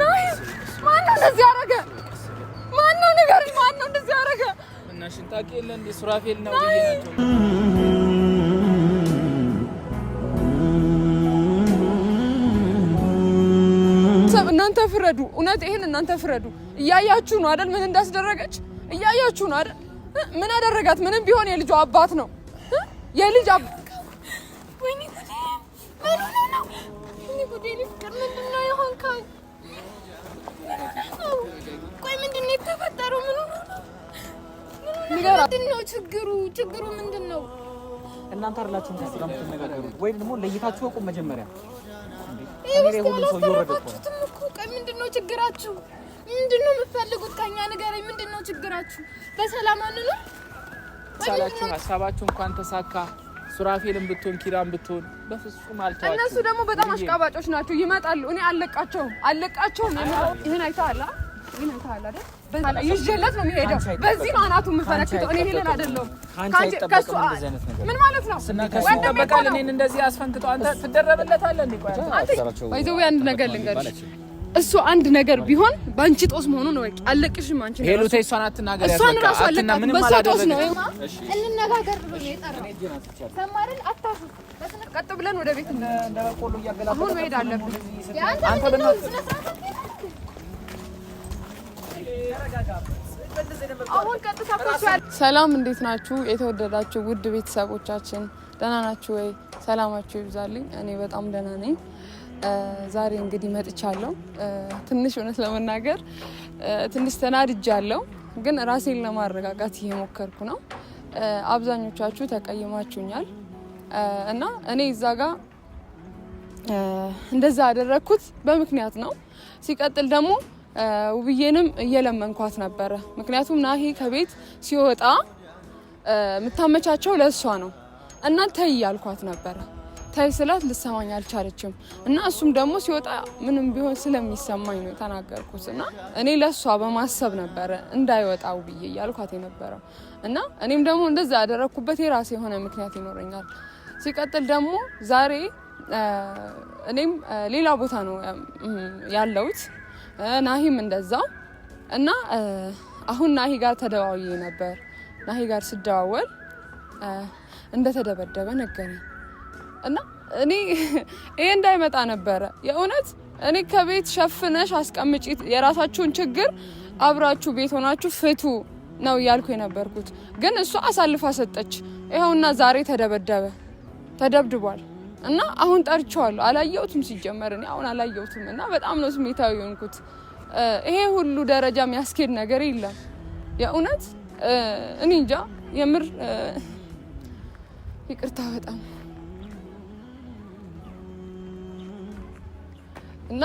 ማነው እንደዚህ ያደረገ? ማነው ንገሪኝ፣ ማነው እንደዚህ ያደረገ? እናሽን ታውቂ የለ እንደ ሱራፌል ነው ናቸው። እናንተ ፍረዱ፣ እውነት ይሄን እናንተ ፍረዱ። እያያችሁ ነው አይደል? ምን እንዳስደረገች እያያችሁ ነው አይደል? ምን አደረጋት? ምንም ቢሆን የልጇ አባት ነው የልጅ ምንድን ነው ችግሩ? ችግሩ ምንድን ነው? እናንተ አላችሁ የምትነጋገሩት ወይም ደግሞ ለይታችሁ እቁም መጀመሪያ ሁሉሰውረደችሁትም እኮ ቆይ፣ ምንድን ነው ችግራችሁ? ምንድን የምትፈልጉት ከእኛ ንገረኝ። ምንድን ችግራችሁ? በሰላም አንኑ ሳላችሁ ሀሳባችሁ እንኳን ተሳካ። ሱራፌልን ብትሆን ኪራን ብትሆን በፍጹም አልተዋችሁም። እነሱ ደግሞ በጣም አሽቃባጮች ናቸው። ይመጣሉ። እኔ አለቃቸው አለቃቸውም። ይህን አይተሃል? ይሄን ነው የሚሄደው። አንድ ነገር ልንገርሽ እሱ አንድ ነገር ቢሆን በአንቺ ጦስ መሆኑን ነው። አለቅሽም። አንቺ ሄሉ ተይ፣ እሷን አትናገር። እሷን ራሱ አለቃት። በእሷ ጦስ ነው። እንነጋገር ብሎ ነው የጠራው። ሰማርን አታሱ ቀጥ ብለን ወደ ቤት አሁን መሄድ አለብን። አንተ ብነው ስነ ስርዓት ሰላም እንዴት ናችሁ? የተወደዳችሁ ውድ ቤተሰቦቻችን ደህና ናችሁ ወይ? ሰላማችሁ ይብዛልኝ። እኔ በጣም ደህና ነኝ። ዛሬ እንግዲህ መጥቻለሁ። ትንሽ እውነት ለመናገር ትንሽ ተናድጃለሁ፣ ግን ራሴን ለማረጋጋት እየሞከርኩ ነው። አብዛኞቻችሁ ተቀይማችሁኛል እና እኔ እዛ ጋ እንደዛ ያደረግኩት በምክንያት ነው። ሲቀጥል ደግሞ ውብዬንም እየለመንኳት ነበረ። ምክንያቱም ናሂ ከቤት ሲወጣ የምታመቻቸው ለእሷ ነው እና ተይ ያልኳት ነበረ። ተይ ስላት ልሰማኝ አልቻለችም እና እሱም ደግሞ ሲወጣ ምንም ቢሆን ስለሚሰማኝ ነው የተናገርኩት እና እኔ ለእሷ በማሰብ ነበረ እንዳይወጣ ውብዬ እያልኳት የነበረው እና እኔም ደግሞ እንደዛ ያደረግኩበት የራሴ የሆነ ምክንያት ይኖረኛል። ሲቀጥል ደግሞ ዛሬ እኔም ሌላ ቦታ ነው ያለሁት ናሂም እንደዛው እና አሁን ናሂ ጋር ተደዋውዬ ነበር። ናሂ ጋር ስደዋወል እንደተደበደበ ነገረኝ እና እኔ ይሄ እንዳይመጣ ነበረ የእውነት እኔ ከቤት ሸፍነሽ አስቀምጪ፣ የራሳችሁን ችግር አብራችሁ ቤት ሆናችሁ ፍቱ ነው እያልኩ የነበርኩት። ግን እሷ አሳልፋ ሰጠች። ይኸውና ዛሬ ተደበደበ፣ ተደብድቧል። እና አሁን ጠርቼዋለሁ። አላየሁትም ሲጀመር እኔ አሁን አላየሁትም። እና በጣም ነው ስሜታዊ የሆንኩት። ይሄ ሁሉ ደረጃ የሚያስኬድ ነገር የለም። የእውነት እኔ እንጃ የምር ይቅርታ በጣም እና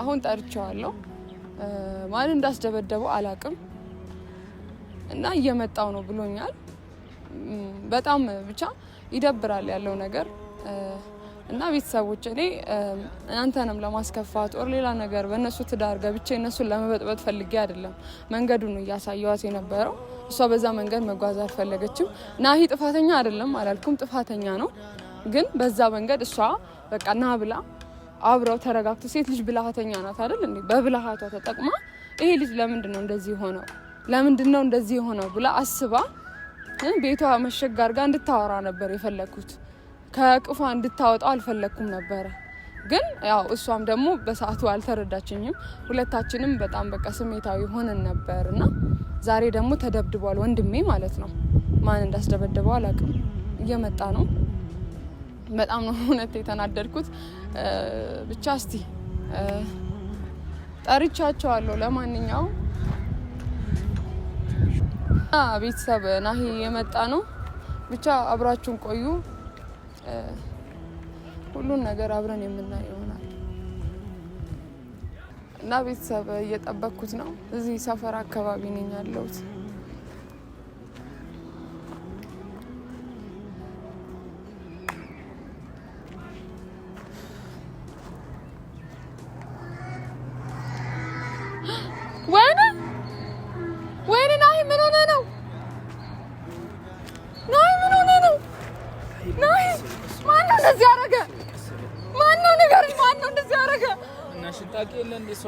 አሁን ጠርቼዋለሁ። ማን እንዳስደበደበው አላቅም እና እየመጣው ነው ብሎኛል። በጣም ብቻ ይደብራል ያለው ነገር እና ቤተሰቦች እኔ እናንተንም ለማስከፋት ኦር ሌላ ነገር በእነሱ ትዳር ገብቼ እነሱን ለመበጥበጥ ፈልጌ አይደለም። መንገዱን እያሳየዋት የነበረው እሷ በዛ መንገድ መጓዝ አልፈለገችም። ናሂ ጥፋተኛ አይደለም አላልኩም፣ ጥፋተኛ ነው። ግን በዛ መንገድ እሷ በቃ ና ብላ አብረው ተረጋግቶ ሴት ልጅ ብልሃተኛ ናት አይደል እንዴ? በብልሃቷ ተጠቅማ ይሄ ልጅ ለምንድን ነው እንደዚህ ሆነው ለምንድን ነው እንደዚህ ሆነው ብላ አስባ ግን ቤቷ መሸግ አድርጋ እንድታወራ ነበር የፈለግኩት። ከቅፏ እንድታወጣው አልፈለግኩም ነበረ። ግን ያው እሷም ደግሞ በሰዓቱ አልተረዳችኝም። ሁለታችንም በጣም በቃ ስሜታዊ ሆነን ነበር እና ዛሬ ደግሞ ተደብድቧል ወንድሜ ማለት ነው። ማን እንዳስደበደበው አላውቅም። እየመጣ ነው። በጣም ነው እውነት የተናደድኩት። ብቻ እስቲ ጠርቻቸዋለሁ ለማንኛውም ቤተሰብ ናሂ የመጣ ነው። ብቻ አብራችሁን ቆዩ። ሁሉን ነገር አብረን የምናየው ይሆናል እና ቤተሰብ እየጠበኩት ነው። እዚህ ሰፈር አካባቢ ነኝ ያለሁት።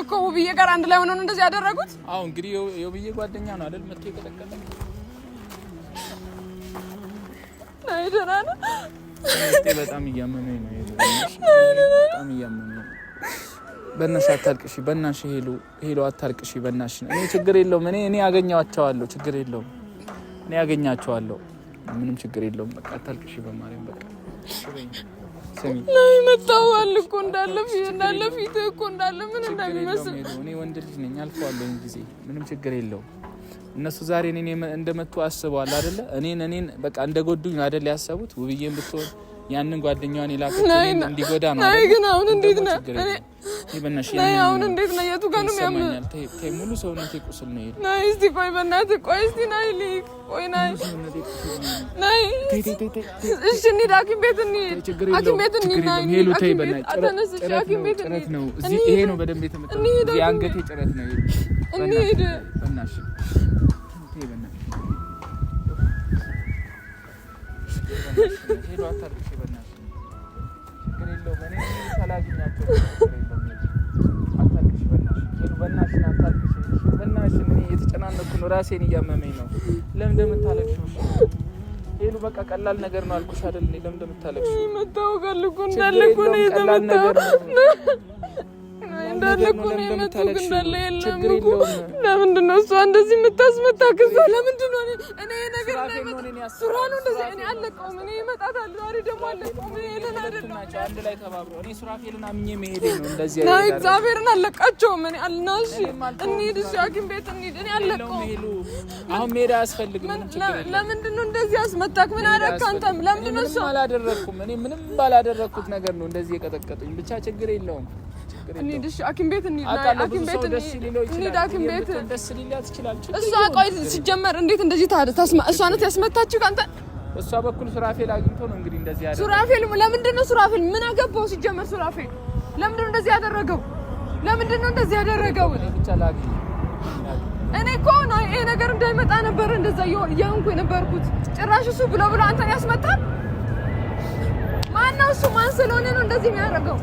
እኮ ውብዬ ጋር አንድ ላይ ሆነው እንደዚህ ያደረጉት። አዎ እንግዲህ የውብዬ ጓደኛ ነው አይደል መጥቶ የቀጠቀጠ በጣም እያመመኝ ነው። በጣም እያመመኝ ነው። በእናትሽ አታልቅሺ፣ በእናትሽ ሄሎ ሄሎ፣ አታልቅሺ በእናትሽ። እኔ ችግር የለውም እኔ እኔ አገኛቸዋለሁ። ችግር የለውም እኔ አገኛቸዋለሁ። ምንም ችግር የለውም። በቃ አታልቅሽ፣ በማርያም በቃ ነው የመጣው። አለ እኮ እንዳለ እንዳለ ፊት እኮ እንዳለ ምን እንደሚመስል እኔ ወንድ ልጅ ነኝ አልፈዋለሁ ጊዜ ምንም ችግር የለውም። እነሱ ዛሬ እኔ እንደመጡ አስበዋል አይደለ? እኔን እኔን በቃ እንደጎዱኝ አይደል ያሰቡት። ውብዬን ብትሆን ያንን ጓደኛዋን የላከችው እንዲጎዳ ነው። ግን አሁን እንዴት ነው ሙሉ ሰውነቴ ቁስል ነው። ነይ እስቲ ቆይ፣ በእናትህ ቆይ እስቲ ነይ፣ ልሂድ። ቆይ ነይ ነይ። እሺ እንሂድ፣ ሐኪም ቤት እንሂድ፣ ሐኪም ቤት እንሂድ። ይሄ ነው በደንብ የተመጣው የአንገቴ ጭረት ነው። እንሂድ ሄሎ በእናትሽን አታልቅሽ፣ በእናትሽን እኔ የተጨናነኩ ነው፣ ራሴን እያመመኝ ነው። ለምን እንደምታለቅሽው ሄሉ፣ በቃ ቀላል ነገር ነው አልኩሽ አይደል? ለምን እንደምታለቅሽው መታወቅ አለ ነው የተመታው እንዳለ ነው የመታው እንዳለ የለም። ለምንድን ነው እሷ እንደዚህ የምታስመታ? ከዛ ለምንድን ነው እኔ ነገር ሱራኑ እንደዚህ እኔ አለቀውም። እኔ ይመጣታል ዛሬ ደግሞ አለቀውም። ሄለን አይደለም አንድ ላይ ተባብሮ እኔ ሱራፌልን አምኜ መሄድ ነው። እንደዚህ አይደለም። ና እግዚአብሔርን አለቃቸውም። እኔ አልናሽ እንሂድ፣ እሺ ሐኪም ቤት እንሂድ። እኔ አለቀውም። አሁን መሄድ አያስፈልግም። ለምንድን ነው እንደዚህ አስመታክ? ምን አደረግክ አንተም? ለምንድን ነው እሱ? አላደረግኩም። እኔ ምንም ባላደረግኩት ነገር ነው እንደዚህ የቀጠቀጡኝ። ብቻ ችግር የለውም ችግር የለውም። ሲጀመር እንዴት እንደዚህ እሷ ናት ያስመታችሁ ከአንተ እሷ በኩል ሱራፌል አግኝቶ ነው እንግዲህ እንደዚህ ያደረገው። ሱራፌል ለምንድን ነው ሱራፌል ምን አገባው? ሲጀመር ሱራፌል ለምንድን ነው እንደዚህ ያደረገው? ለምንድን ነው እንደዚህ ያደረገው? እኔ እኮ ነው ይሄ ነገር እንዳይመጣ ነበር እንደዛ የሆንኩ የነበርኩት። ጭራሽ እሱ ብሎ ብሎ አንተን ያስመታል። ማነው እሱ? ማን ስለሆነ ነው እንደዚህ የሚያደርገው?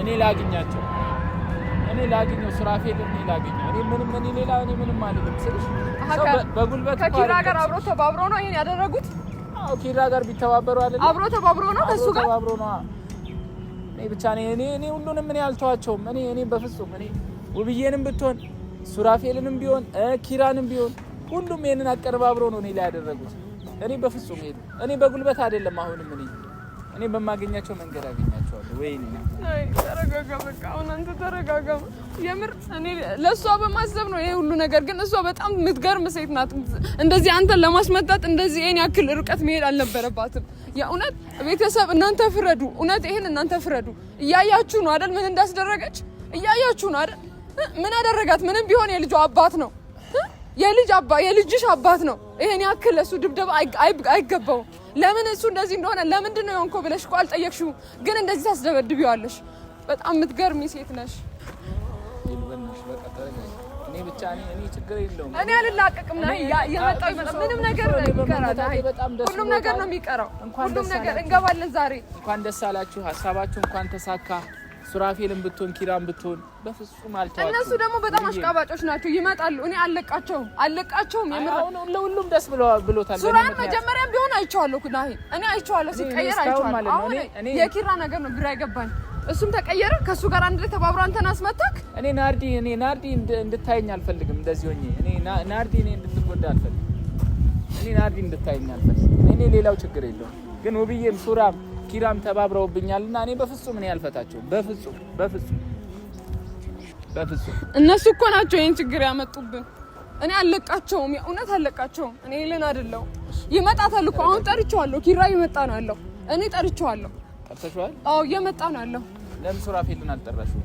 እኔ ላግኛቸው፣ እኔ ላግኘው፣ ሱራፌል እኔ ላግኘው። እኔ ምንም እኔ ሌላ እኔ ምንም አልልም ስልሽ በጉልበት ከኪራ ጋር አብሮ ተባብሮ ነው ይሄን ያደረጉት። ኪራ ጋር ቢተባበሩ አብሮ ተባብሮ ነው ጋር ተባብሮ ነው። እኔ ብቻ እኔ እኔ ሁሉንም እኔ አልተዋቸውም። እኔ እኔ በፍጹም እኔ ውብዬንም ብትሆን ሱራፌልንም ቢሆን ኪራንም ቢሆን ሁሉም ይሄንን አቀነባብሮ ነው እኔ ላይ ያደረጉት። እኔ በፍጹም ሄዱ። እኔ በጉልበት አይደለም። አሁንም እኔ እኔ በማገኛቸው መንገድ አገኛቸዋለሁ። ወይ ተረጋጋ፣ በቃ አሁን አንተ ተረጋጋ። የምር እኔ ለእሷ በማሰብ ነው ይሄ ሁሉ ነገር። ግን እሷ በጣም የምትገርም ሴት ናት። እንደዚህ አንተን ለማስመጣት እንደዚህ ይሄን ያክል ርቀት መሄድ አልነበረባትም። የእውነት ቤተሰብ እናንተ ፍረዱ። እውነት ይሄን እናንተ ፍረዱ። እያያችሁ ነው አይደል? ምን እንዳስደረገች እያያችሁ ነው አይደል? ምን አደረጋት? ምንም ቢሆን የልጇ አባት ነው የልጅ አባ የልጅሽ አባት ነው። ይሄን ያክል ለሱ ድብደባ አይገባው። ለምን እሱ እንደዚህ እንደሆነ ለምንድን ነው የሆንኮ ብለሽ እኮ አልጠየቅሽው፣ ግን እንደዚህ ታስደበድቢዋለሽ። በጣም የምትገርሚ ሴት ነሽ። እኔ አልላቀቅም። ምንም ነገር ነው የሚቀራል። ሁሉም ነገር ነው ሁሉም ነገር እንገባለን። ዛሬ እንኳን ደስ አላችሁ። ሀሳባችሁ እንኳን ተሳካ። ሱራፌልም ብትሆን ኪራም ብትሆን በፍጹም አልተዋቸውም። እነሱ ደግሞ በጣም አሽቃባጮች ናቸው፣ ይመጣሉ። እኔ አለቃቸውም አለቃቸውም። የምር ለሁሉም ደስ ብሎታል። ሱራን መጀመሪያም ቢሆን አይቼዋለሁ፣ ናሂ እኔ አይቼዋለሁ፣ ሲቀየር አይቼዋለሁ። አሁን የኪራ ነገር ነው ግራ አይገባኝ። እሱም ተቀየረ ከእሱ ጋር አንድ ላይ ተባብሮ አንተን አስመታክ። እኔ ናርዲ እኔ ናርዲ እንድታየኝ አልፈልግም፣ እንደዚህ ሆኜ እኔ ናርዲ እኔ እንድትጎዳ አልፈልግም። እኔ ናርዲ እንድታየኝ አልፈልግም። እኔ ሌላው ችግር የለውም ግን ውብዬም ሱራም ኪራም ተባብረውብኛል እና እኔ በፍጹም እኔ አልፈታቸውም። በፍጹም በፍጹም በፍጹም። እነሱ እኮ ናቸው ይህን ችግር ያመጡብን። እኔ አልለቃቸውም፣ የእውነት አልለቃቸውም። እኔ ልን አይደለው ይመጣታል እኮ አሁን ጠርቼዋለሁ። ኪራ እየመጣ ነው ያለው። እኔ ጠርቼዋለሁ። ጠርተሽዋል? አዎ እየመጣ ነው ያለው። ለምን ሱራፌልን አልጠራሽው?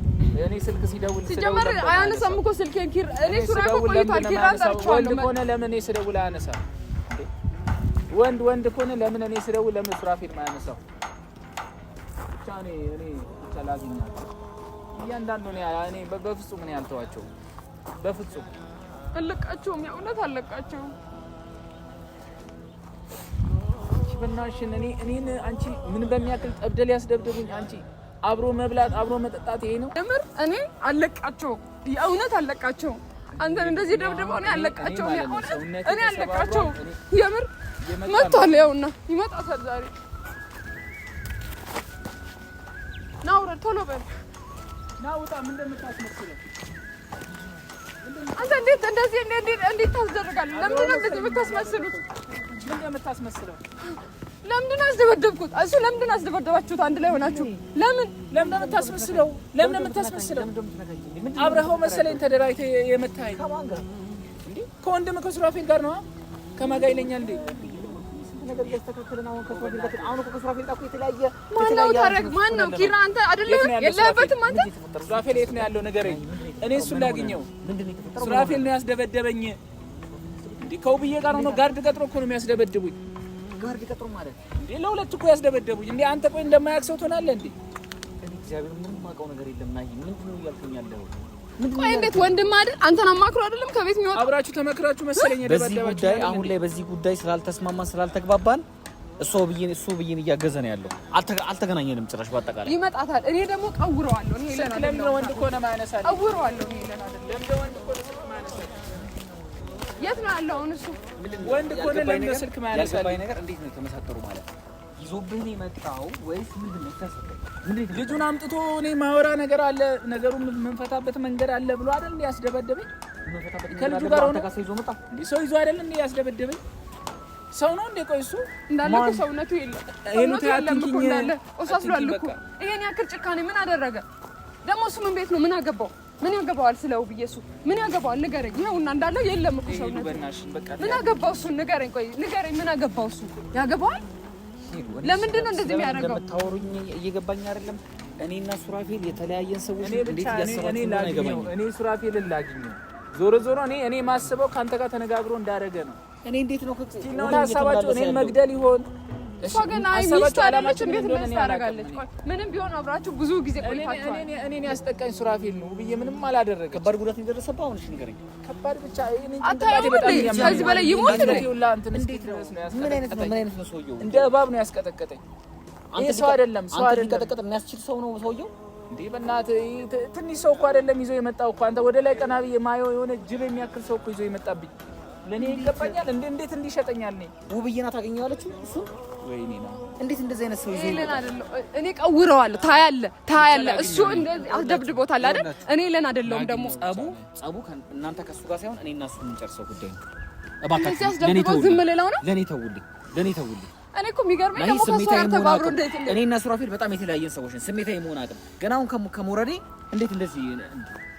እኔ ስልክ ሲደውል ሲጀመር አያነሳም እኮ ኪራ እኔ ሱራፌል ቆይቷል። ኪራ ጠርቼዋለሁ። ሆነ ለምን እኔ ስደውል አያነሳም? ወንድ ወንድ ከሆነ ለምን እኔ ስደውል ለምን ሱራፌል ማያነሳው? ብቻ እኔ እኔ ብቻ ላግኛት እያንዳንዱ እኔ በፍጹም እኔ አልተዋቸው በፍጹም አለቃቸውም የእውነት አለቃቸው። በናሽን እኔ እኔን አንቺ ምን በሚያክል ጠብደል ያስደብደቡኝ አንቺ አብሮ መብላት አብሮ መጠጣት ይሄ ነው ምር እኔ አለቃቸው የእውነት አለቃቸው። አንተን እንደዚህ ደብድበው እኔ አለቃቸው እኔ አለቃቸው የምር መጥቷል። ያውና ይመጣታል ዛሬ ና ውረድ፣ ቶሎ በል ና ውጣ። ምን እንደምታስመስለው አንተ እንዴት እንደዚህ እንዴት ታስደርጋለህ? ለምንድን ነው እንደዚህ የምታስመስሉት? ምን እንደምታስመስለው ለምንድን ነው ያስደበደብኩት? እሱ ለምንድን ነው ያስደበደባችሁት? አንድ ላይ ሆናችሁ ለምን ለምን የምታስመስለው? ለምን የምታስመስለው? አብረኸው መሰለኝ ተደራጅተህ የመታኸኝ ከወንድምህ ከሱራፌል ጋር ነው ከማጋ ይለኛል እንዴ ነገር ሱራፌል የት ነው ያለው ንገረኝ እኔ እሱን ላግኘው ሱራፌል ነው ያስደበደበኝ ከውብዬ ጋር ነው ጋርድ ቀጥሮ እኮ ነው የሚያስደበድቡኝ ጋርድ ቀጥሮ ማለት እንዴ ለሁለት እኮ ያስደበደቡኝ እንዴ አንተ ቆይ እንደማያውቅ ሰው ትሆናለህ እንዴ እግዚአብሔር ምንም አውቀው ነገር የለም ናይ ምንድን ነው እያልኩኝ ያለኸው ቆይ እንዴት ወንድም አይደል? አንተን አማክሮ አይደለም ከቤት የሚወጣ አብራችሁ ተመክራችሁ መሰለኝ። በዚህ ጉዳይ አሁን ላይ በዚህ ጉዳይ ስላልተስማማን ስላልተግባባን እሱ ብዬን እሱ ብዬን እያገዘ ነው ያለው። አልተ አልተገናኘንም ጭራሽ። በአጠቃላይ ይመጣታል። እኔ ደግሞ ቀውረዋለሁ። እኔ ሄለን አይደለም ለምን ወንድ ከሆነ ማነሳል ቀውረዋለሁ። እኔ ሄለን አይደለም ለምን ወንድ ከሆነ ማነሳል? የት ነው ያለው አሁን? እሱ ወንድ ከሆነ ለምን ስልክ ማነሳለሁ። ያልገባኝ ነገር እንዴት ነው የተመሳጠሩ ማለት ነው ይዞብህን የመጣው ወይስ ምንድን ነው? ምንድን ልጁን አምጥቶ እኔ ማወራ ነገር አለ፣ ነገሩ የምንፈታበት መንገድ አለ ብሎ አይደል እንዴ ያስደበደበኝ? ከልጁ ጋር ሆነ ሰው ይዞ አይደል እንዴ ያስደበደበኝ? ሰው ነው እንዴ? ቆይ እሱ እንዳለ እኮ ሰውነቱ የለም ቆሳስሏል እኮ። ይሄን ያክል ጭካኔ ምን አደረገ ደግሞ? እሱ ምን ቤት ነው? ምን አገባው? ምን ያገባዋል? ስለው ውብዬ እሱ ምን ያገባዋል? ንገረኝ። ይኸውና እንዳለው የለም እኮ ሰውነቱ። ምን አገባው እሱ? ንገረኝ። ቆይ ንገረኝ። ምን አገባው እሱ? ያገባዋል ለምንድን ነው እንደዚህ የሚያደርገው? እንደምታወሩኝ እየገባኝ አይደለም። እኔና ሱራፌል የተለያየን ሰዎች እንዴት እያሰባችሁ እኔ ሱራፌል ላግኝ። ዞሮ ዞሮ እኔ እኔ ማስበው ከአንተ ጋር ተነጋግሮ እንዳደረገ ነው። እኔ እንዴት ነው ሀሳባቸው? እኔን መግደል ይሆን እሷ ግን ሚስት አይደለች። እንዴት እንደዚህ ታደርጋለች? ምንም ቢሆን አብራችሁ ብዙ ጊዜ ቆይታችኋል። እኔ እኔ እኔ ያስጠቃኝ ሱራፌል ነው ብዬ ምንም አላደረገ። ከባድ ጉዳት ነው የደረሰበት። አሁን እሺ ንገረኝ። ከባድ ብቻ እኔ እንዴ? ከዚህ በላይ ይሞት ነው። ምን አይነት ነው? ምን አይነት ነው ሰውየው? እንደ እባብ ነው ያስቀጠቀጠኝ። አንተ ሰው አይደለም፣ ሰው አይደለም። ቀጠቀጠ የሚያስችል ሰው ነው ሰውየው እንዴ በእናትህ ትንሽ ሰው እኮ አይደለም ይዞ የመጣው እኮ አንተ ወደ ላይ ቀና ብዬ ማየው የሆነ ጅብ የሚያክል ሰው እኮ ይዞ የመጣብኝ ለእኔ ይገባኛል። እንዴ እንዴት እንዲሸጠኛል? እኔ ውብዬ ናት ታገኘዋለች። እሱ ወይኔ ነው እንዴት እንደዚህ አይነት ሰው አይደለም እኔ ቀውረዋለሁ። ታያለ ታያለ። እሱ እንደዚህ አስደብድቦታል አይደል? እኔ ለን አይደለም ደግሞ ጸቡ ጸቡ እናንተ ከሱ ጋር ሳይሆን እኔ እና እሱ የምንጨርሰው ጉዳይ ነው። እባክህ አስደብድቦ ዝም ልለው ነው። ለኔ ተውልኝ፣ ለኔ ተውልኝ። እኔ እኮ የሚገርመኝ ደግሞ ከእሱ ጋር ተባብሮ እንዴት እኔ እና ሱራፌል በጣም የተለያየን ሰዎች ነን። ስሜታዊ መሆን አቅም ገና አሁን ከሞረዴ እንዴት እንደዚህ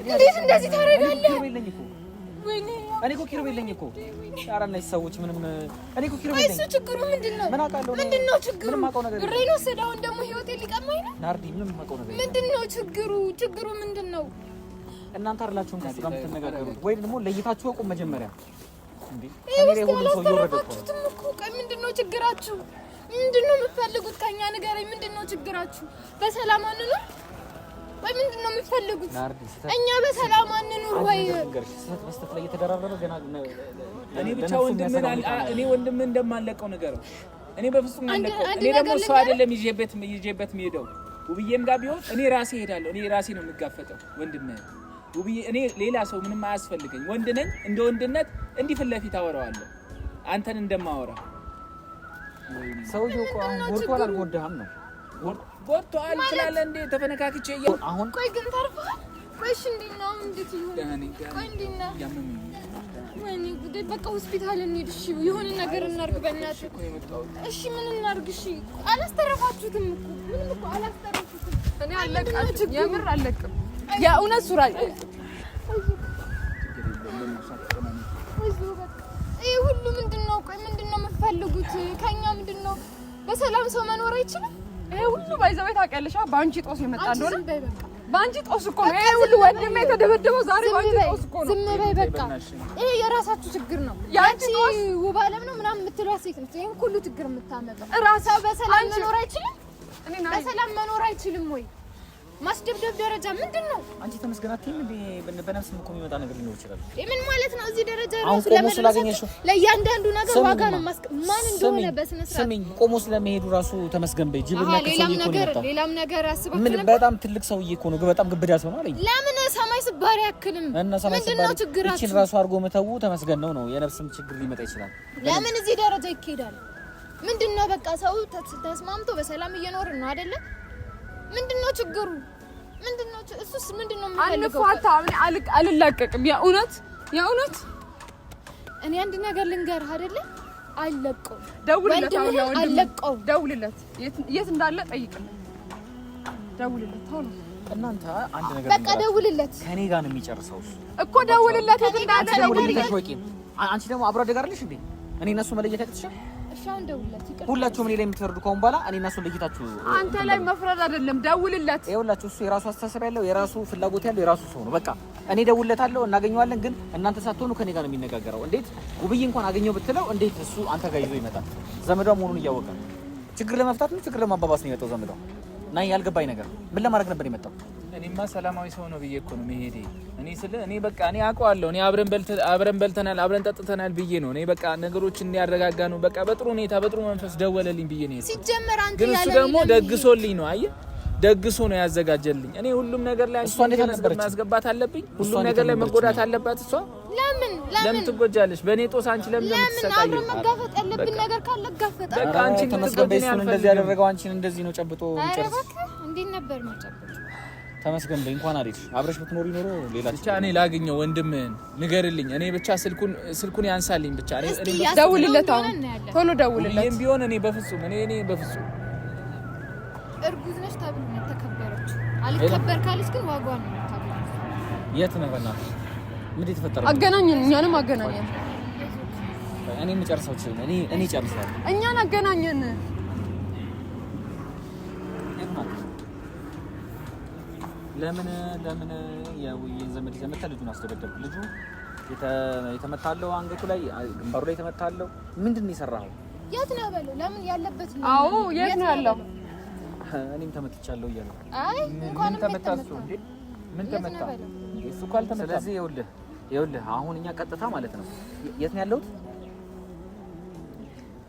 እንዴት እንደዚህ ታደርጋለህ? እኔ እኮ ኪሩብ የለኝ እኮ። ኧረ እነዚህ ሰዎች ምንም እኔ እኮ ኪሩብ የለኝ። እሱ ችግሩ ምንድን ነው? ምን አውቃለሁ? ምንድን ነው ችግሩ? አሁን ደግሞ ህይወቴን ሊቀማኝ ነው። ናርዲ፣ ምንም የማውቀው ነገር ምንድን ነው ችግሩ? ችግሩ ምንድን ነው? እናንተ አይደላችሁም ከእሱ ጋር የምትነጋገሩት ወይ ደግሞ ለይታችሁ አቁም መጀመሪያ። አላስተረፋችሁትም እኮ። ቆይ ምንድን ነው ችግራችሁ? ምንድን ነው የምትፈልጉት ከእኛ ንገረኝ። ምንድን ነው ችግራችሁ? በሰላም አንኖር ቆይ ምንድን ነው የምትፈልጉት? እኛ በሰላም አንኑር ወይ? እኔ ብቻ እኔ ወንድም እንደማለቀው ነገር እኔ በፍጹም አለቀው። እኔ ደግሞ ሰው አይደለም ይዤበት ይዤበት የምሄደው ውብዬም ጋር ቢሆን እኔ ራሴ እሄዳለሁ። እኔ ራሴ ነው የምጋፈጠው። ወንድም ውብዬ፣ እኔ ሌላ ሰው ምንም አያስፈልገኝ። ወንድ ነኝ። እንደ ወንድነት እንዲህ ፊት ለፊት አወራዋለሁ አንተን እንደማወራ ሰውዬው እኮ አሁን አልጎዳህም ነው ቦቷል ትላለህ እንዴ? ተፈነካክቼ እያው አሁን ቆይ ግን ተርፈሃል። ቆይ እንዴት ነው? እንዴት ይሁን? ቆይ እንዴት ነው? ወይኔ ጉዴ! በቃ ሆስፒታል እንሂድ። እሺ፣ የሆነ ነገር እናድርግ በእናትህ። እሺ፣ ምን እናድርግ? እሺ፣ አላስተረፋችሁትም እኮ ምንም እኮ አላስተረፋችሁትም። እኔ አለቃችሁ የምር አለቅም። የእውነት ሱራ ይህ ሁሉ ምንድን ነው? ቆይ ምንድን ነው የምትፈልጉት ከእኛ? ምንድን ነው በሰላም ሰው መኖር አይችልም? ይሄ ሁሉ ባይዘው ታውቂያለሽ፣ በአንቺ ጦስ የመጣ እንደሆነ በአንቺ ጦስ እኮ ነው ይሄ ሁሉ ወንድሜ የተደበደበው ዛሬ በአንቺ ጦስ እኮ ነው። ዝም በይ በቃ። ይሄ የራሳችሁ ችግር ነው። ያንቺ ጦስ ውብ ዓለም ነው ምናምን የምትሏት ሴት ነች። ይሄን ሁሉ ችግር የምታመጣው ራሷ። በሰላም መኖር አይችልም፣ በሰላም መኖር አይችልም ወይ ማስደብደብ ደረጃ ምንድን ነው? አንቺ ተመስገናት ይሄን በነፍስ ምኮ የሚመጣ ነገር ሊኖር ይችላል። ምን ማለት ነው? እዚህ ደረጃ ራሱ ለመለሰት ለእያንዳንዱ ነገር ዋጋ ነው ማስቀ ማን እንደሆነ በስነ ስርዓት ስሚኝ። ቆሞ ስለመሄዱ ራሱ ተመስገን በይ። ጅብና ከሰውዬ ሌላም ነገር ሌላም ነገር አስበው ምን በጣም ትልቅ ሰውዬ እኮ ነው። በጣም ግብዳ ሰው ነው አለኝ። ለምን ሰማይ ስባሪ አክልም እና ሰማይ ስባሪ ይችን ራሱ አድርጎ መተው ተመስገን ነው ነው። የነፍስም ችግር ሊመጣ ይችላል። ለምን እዚህ ደረጃ ይኬዳል? ምንድን ነው በቃ ሰው ተስማምቶ በሰላም እየኖርን ነው አይደለ? ምንድን ነው ችግሩ? ምንድነው? እሱስ ምንድነው የሚፈልገው? አልላቀቅም። የእውነት የእውነት እኔ አንድ ነገር ልንገርህ አይደለ? አልለቀውም። ደውልለት፣ አልለቀውም። ደውልለት፣ የት እንዳለ ጠይቅልኝ። ደውልለት እናንተ አንድ ነገር በቃ ደውልለት። ከኔ ጋር ነው የሚጨርሰው እሱ እኮ ደውልለት። የት እንዳለ ደውልለት። አንቺ ደግሞ አብሮ አደጋ አይደለሽ እንዴ? እኔ እነሱ መለየት ያቅትሻል ሁላችሁም እኔ ላይ የምትፈርዱ ከሆነ በኋላ እኔ እና እሱን ለይታችሁ አንተ ላይ መፍረድ አይደለም፣ ደውልለት። ይኸውላችሁ እሱ የራሱ አስተሳሰብ ያለው የራሱ ፍላጎት ያለው የራሱ ሰው ነው። በቃ እኔ ደውልለታለሁ፣ እናገኘዋለን። ግን እናንተ ሳትሆኑ ከኔ ጋር ነው የሚነጋገረው። እንዴት ጉብዬ እንኳን አገኘው ብትለው እንዴት እሱ አንተ ጋር ይዞ ይመጣል? ዘመዷ መሆኑን እያወቀ ችግር ለመፍታት ነው ችግር ለማባባስ ነው የመጣው ዘመዷ ናይ ያልገባኝ ነገር ምን ለማድረግ ነበር የመጣው? እኔማ ሰላማዊ ሰው ነው ብዬ እኮ ነው መሄዴ። እኔ ስለ እኔ በቃ እኔ አውቀዋለሁ። እኔ አብረን በልተ አብረን በልተናል፣ አብረን ጠጥተናል ብዬ ነው እኔ በቃ ነገሮች እንዲያረጋጋ ነው በቃ በጥሩ ሁኔታ በጥሩ መንፈስ ደወለልኝ ብዬ ነው። ሲጀመር አንተ ግን እሱ ደግሞ ደግሶልኝ ነው አየህ ደግሶ ነው ያዘጋጀልኝ። እኔ ሁሉም ነገር ላይ እሷ እንዴት ማስገባት አለብኝ፣ ሁሉም ነገር ላይ መጎዳት አለባት እሷ ለምን ለምን ትጎጃለሽ? በእኔ ጦስ አንቺ ለምን ለምትሰቃይ? ለምን መጋፈጥ ያለብን ነገር ካለ ጋፈጣ። በቃ አንቺ ተመስገን። እንደዚህ ያደረገው አንቺን እንደዚህ ነው ጨብጦ ጨርስ። እንዴት ነበር ነው ጨብጦ ተመስገን በይ። እንኳን አሪፍ አብረሽ ብትኖሪ ኖሮ ሌላ ብቻ እኔ ላግኘው፣ ወንድምህን ንገርልኝ። እኔ ብቻ ስልኩን ስልኩን ያንሳልኝ ብቻ። እኔ ደውልለት፣ አሁን ቶሎ ደውልለት። ይሄም ቢሆን እኔ በፍጹም እኔ እኔ በፍጹም እርጉዝ ነሽ ተብሎ ነው የተከበረችው። አልከበር ካለች ግን ነው የት ምን የተፈጠረ? አገናኘን፣ እኛንም አገናኘን። እኔ የምጨርሰው እኔ እኔ እጨርሳለሁ። እኛን አገናኘን። ለምን ለምን የውዬን ዘመድ ዘመታ ልጁን አስደበደብ። ልጁ የተመታለው አንገቱ ላይ ግንባሩ ላይ የተመታለው ምንድን ነው የሰራኸው? የት ነው ያለው? ለምን ያለበት ነው? አዎ የት ነው ያለው? እኔም ተመትቻለሁ እያለ አይ እንኳንም ተመታ። እሱ ምን ተመታ? እሱ ካልተመታ ስለዚህ ይኸውልህ ይኸውልህ አሁን እኛ ቀጥታ ማለት ነው የት ነው ያለሁት?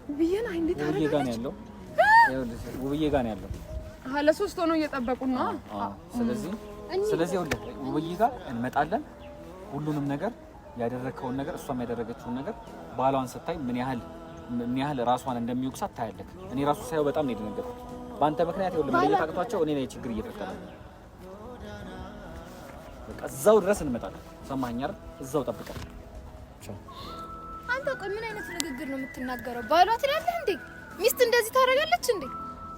ውብዬ ነህ እንዴት አደረገች? ውብዬ ጋር ነው ያለው። ይኸውልህ ውብዬ ጋር ነው ያለው። አሃ ለሶስት ሆነው እየጠበቁን ነው። ስለዚህ ስለዚህ ይኸውልህ ውብዬ ጋር እንመጣለን። ሁሉንም ነገር ያደረከውን ነገር እሷም ያደረገችውን ነገር ባሏን ስታይ ምን ያህል ምን ያህል ራሷን እንደሚወቅሳት ታያለህ። እኔ ራሱ ሳይው በጣም ነው የደነገጥኩት በአንተ ምክንያት። ይኸውልህ ምን እየታቅቷቸው እኔ ላይ ችግር እየፈጠረ ነው። በቃ እዛው ድረስ እንመጣለን። ሰማኛር እዛው ጠብቀን። አንተ ቆይ፣ ምን አይነት ንግግር ነው የምትናገረው? ባሏ ትላለህ እንዴ? ሚስት እንደዚህ ታደርጋለች እንዴ?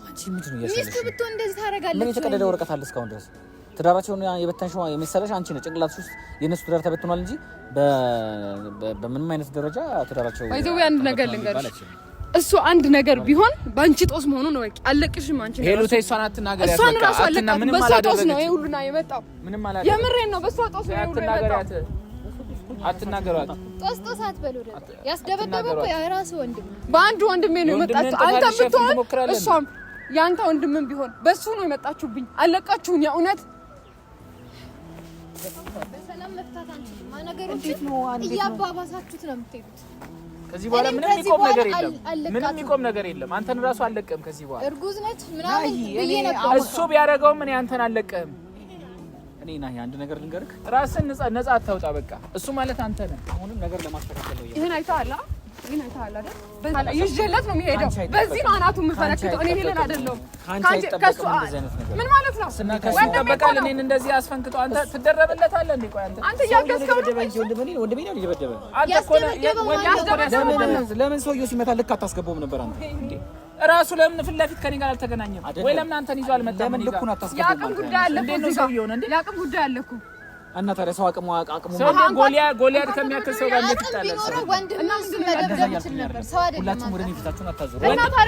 አንቺ ምንድን ነው ያሰለሽ? ሚስት ብትሆን እንደዚህ ታደርጋለች? ምን የተቀደደ ወረቀት አለ እስካሁን ድረስ? ትዳራቸውን የበተንሽው የመሰለሽ አንቺ ነሽ። ጭንቅላት ውስጥ የነሱ ትዳር ተበትኗል እንጂ በምንም አይነት ደረጃ ትዳራቸው አንድ ነገር ልንገርሽ እሱ አንድ ነገር ቢሆን በአንቺ ጦስ መሆኑ ነው። በቃ አለቅሽም። አንቺ ሄሉ ተይ፣ እሷን አትናገሪያት። እሷን ራሱ አለቃት። በእሷ ጦስ ነው ይሄ ሁሉና የመጣው። የምሬን ነው። በእሷ ጦስ ነው ይሄ ሁሉ የመጣው። አትናገሯት። ጦስ ጦስ አትበሉ። ደግሞ ያስደበደበ እኮ የራሱ ወንድም በአንድ ወንድሜ ነው የመጣችው። አንተ ብትሆን እሷም የአንተ ወንድምም ቢሆን በሱ ነው የመጣችሁብኝ። አለቃችሁን። የእውነት በሰላም መፍታት አንቺ ማነገሮችን እያባባሳችሁት ነው የምትሄዱት ከዚህ በኋላ ምንም የሚቆም ነገር የለም። ምንም የሚቆም ነገር የለም። አንተን ራሱ አለቀም። ከዚህ በኋላ እርጉዝ ነች ምናምን ብዬ ነበር። እሱ ቢያደርገውም እኔ አንተን አለቀም። እኔ ና አንድ ነገር ልንገርህ፣ ራስን ነጻ አታውጣ። በቃ እሱ ማለት አንተ ነህ። አሁንም ነገር ለማስተካከል ነው ይሄን አይተሃል። ግን አይተሃል አይደል? ይዤለት ነው የሚሄደው። በዚህ ነው አናቱ የምፈረክተው። እኔ ሄለን አይደለሁም። ምን ማለት ነው? ይጠበቃል። እኔን እንደዚህ አስፈንክቶ አንተ ትደረብለታለህ አንተ እያገዝከው ነው። ለምን ሰውዬው ሲመታ ልክ አታስገባውም ነበር አንተ እራሱ ለምን ፊት ለፊት ከኔ ጋር አልተገናኘም ወይ? ለምን አንተን ይዞ አልመጣም? ለምን ልኩን አታስገባውም? የአቅም ጉዳይ አለ እኮ የአቅም ጉዳይ አለ እኮ እና ታዲያ ሰው አቅሙ አቅሙ ጎልያድ ከሚያክል ሰው ጋር እንዴት ይጣላል? ሁላችሁም ወደ እኔ ፊታችሁን አታዞሩ።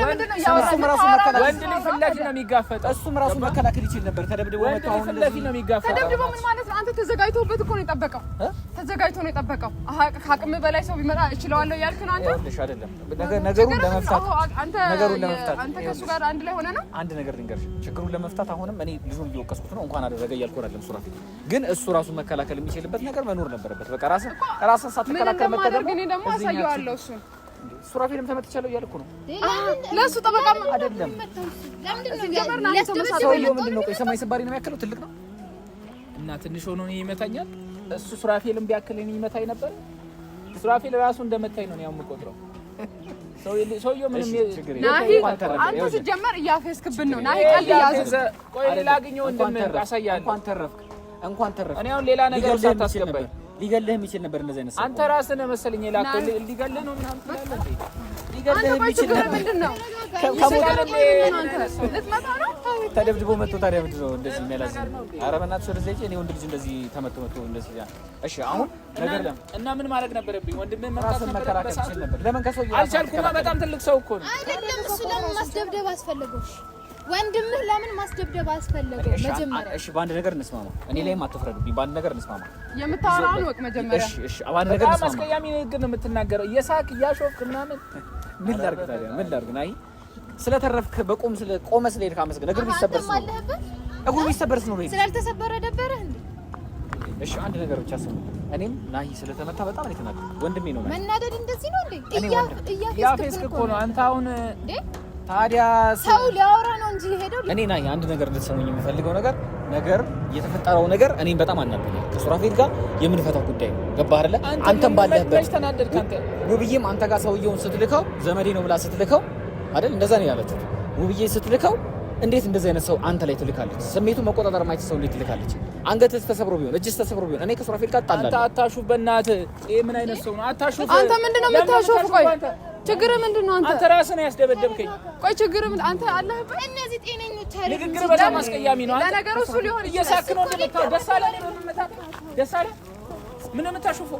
ወንድ ልጅ ፊት ለፊት ነው የሚጋፈጠው። እሱም ራሱ መከላከል ይችል ነበር። ተደብድቦ ፊት ለፊት ነው የሚጋፈጥ። ተደብድቦ ምን ማለት ነው? አንተ ተዘጋጅቶበት እኮ ነው የጠበቀው። ተዘጋጅቶ ነው የጠበቀው። ከአቅም በላይ ሰው ቢመጣ እችለዋለሁ እያልክ ነው አንተ። አይደለም ነገሩን ለመፍታት ነገሩን ለመፍታት አንተ ከእሱ ጋር አንድ ላይ ሆነህ ነው። አንድ ነገር ልንገርሽ፣ ችግሩን ለመፍታት አሁንም እኔ ልጁን እየወቀስኩት ነው። እንኳን አደረገ እያልኩ አይደለም ሱራ፣ ግን እሱ ራሱ መከላከል የሚችልበት ነገር መኖር ነበረበት። በቃ ራስን ራስን ሳትከላከል መተደረግ ግን ደግሞ አሳየዋለሁ። እሱ ሱራፌልም ተመትቻለሁ እያልኩ ነው። ለሱ ጠበቃ አይደለም። ሰውየው ምንድን ነው? ቆይ ሰማይ ስባሪ ነው የሚያክለው ትልቅ ነው እና ትንሽ ሆኖ እኔ ይመታኛል። እሱ ሱራፌልም ቢያክል እኔ ይመታኝ ነበር። ሱራፌል ራሱ እንደመታኝ ነው ያው የምቆጥረው። ሰውየው ምንም አንተ ሲጀመር እያፌዝክብን ነው። ናሂ ቀልድ ያዘ። ቆይ ላግኘው እንደምን አሳያለሁ። እንኳን ተረፍክ እንኳን ተረፈ። እኔ አሁን ሌላ ነገር ሳታስገባኝ ሊገልህ የሚችል ነበር። እንደዚህ አይነት አንተ ራስህ ነህ መሰለኝ የላከው ሊገልህ ነው ምናምን ሊገልህ የሚችል ነበር። ተደብድቦ መጥቶ ታዲያ ምንድን ነው እንደዚህ የሚያላዝ? ኧረ በእናትሽ ወደ እዚያ ሂጅ። እኔ ወንድ ልጅ እንደዚህ ተመቶ መጥቶ እንደዚህ ያ። እሺ አሁን ነገር ለም እና ምን ማድረግ ነበረብኝ? ወንድምህን ራስህን መከላከል ይችል ነበር። ለምን ከሰው አልቻልኩማ። በጣም ትልቅ ሰው እኮ ነው። አይደለም እሱ ለምን ማስደብደብ አስፈለገው? ወንድምህ ለምን ማስደብደብ አስፈለገው? መጀመሪያ እሺ፣ በአንድ ነገር እንስማማ። እኔ ላይም አትፍረዱብኝ። በአንድ ነገር እንስማማ። የምታወራውን ወቅ መጀመሪያ። እሺ፣ እሺ፣ በአንድ ነገር እንስማማ። አስቀያሚ ንግግር ነው የምትናገረው፣ እየሳቅ እያሾፍክ ምናምን። ምን ላድርግ ታዲያ? ምን ላድርግ? ናይ ስለተረፍክ በቆም ስለ ቆመ ስለሄድክ ካመስገን እግር ቢሰበርስ ነው እግር ቢሰበርስ ነው ስላልተሰበረ ደበረህ እንዴ? እሺ አንድ ነገር ብቻ ስሙ። እኔም ናሂ ስለተመታ በጣም ነው የተናገርኩት። ወንድሜ ነው መናደድ እንደዚህ ነው እንዴ? እያ እያ ፌስክ እኮ ነው አንተ አሁን እንዴ ታዲያ ሰው ሊያወራ ነው እንጂ ሄደው እኔ ናይ አንድ ነገር እንድትሰሙኝ የምፈልገው ነገር ነገር የተፈጠረው ነገር እኔም በጣም አናበኛል። ከሱራፌል ጋር የምንፈታው ጉዳይ ነው። ገባህ አይደለ? አንተም ባለህበት ውብዬም አንተ ጋር ሰውየውን ስትልከው ዘመዴ ነው ብላ ስትልከው አይደል? እንደዛ ነው ያለችው ውብዬ ስትልከው እንዴት እንደዚህ አይነት ሰው አንተ ላይ ትልካለች? ስሜቱ መቆጣጠር ማይችል ሰው ላይ ትልካለች። አንገት ተሰብሮ ቢሆን እጅ ተሰብሮ ቢሆን እኔ ከሱራፌል ጋር ጣላለሁ። አንተ አታሹፍ፣ በእናትህ ይሄ ምን አይነት ሰው ነው? አታሹፍ። አንተ ምንድነው የምታሹፍ? ቆይ ችግር ምንድን ነው? አንተ ራስህ ነው ያስደበደብከኝ። ቆይ ችግር ምንድን አንተ አለህበት። እነዚህ ጤነኞች አይደሉም። ንግግር በጣም አስቀያሚ ነው። ለነገሩ እሱ ሊሆን እየሳክ ነው። ደስ አለህ? ምን የምታሹፈው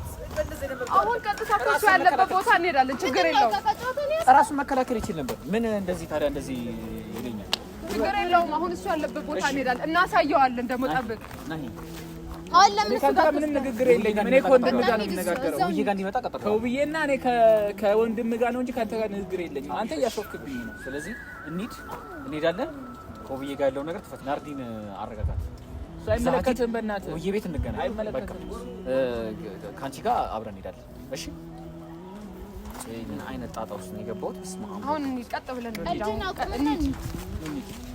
አሁን ቀጥታ ያለበት ቦታ እንሄዳለን። ችግር የለውም። መከላከል ይችል ነበር። ምን እንደዚህ ታዲያ እንደዚህ ይለኛል። ችግር የለውም። አሁን እሱ ያለበት ቦታ እንሄዳለን። እናሳየዋለን። ደግሞ ጠብቅ። ምንም ንግግር የለኝም። እኔ ከወንድም ጋር ነው የምነጋገረው። ውብዬ ጋር እንዲመጣ ቀጠሮ እኔ ከወንድም ጋር ነው እንጂ ከአንተ ጋር ንግግር የለኝም። አንተ እያሾፍክብኝ ነው። ስለዚህ እንሂድ፣ እንሄዳለን። ከውብዬ ጋር ያለው ነገር ትፈት ናርዲን አረጋጋት አይመለከትም። በእናትህ ውዬ ቤት እንገናኝ። ከአንቺ ጋር አብረን እንሄዳለን። እሺ ምን አይነት ጣጣ ውስጥ ነው የገባሁት? አሁን ቀጥ ብለን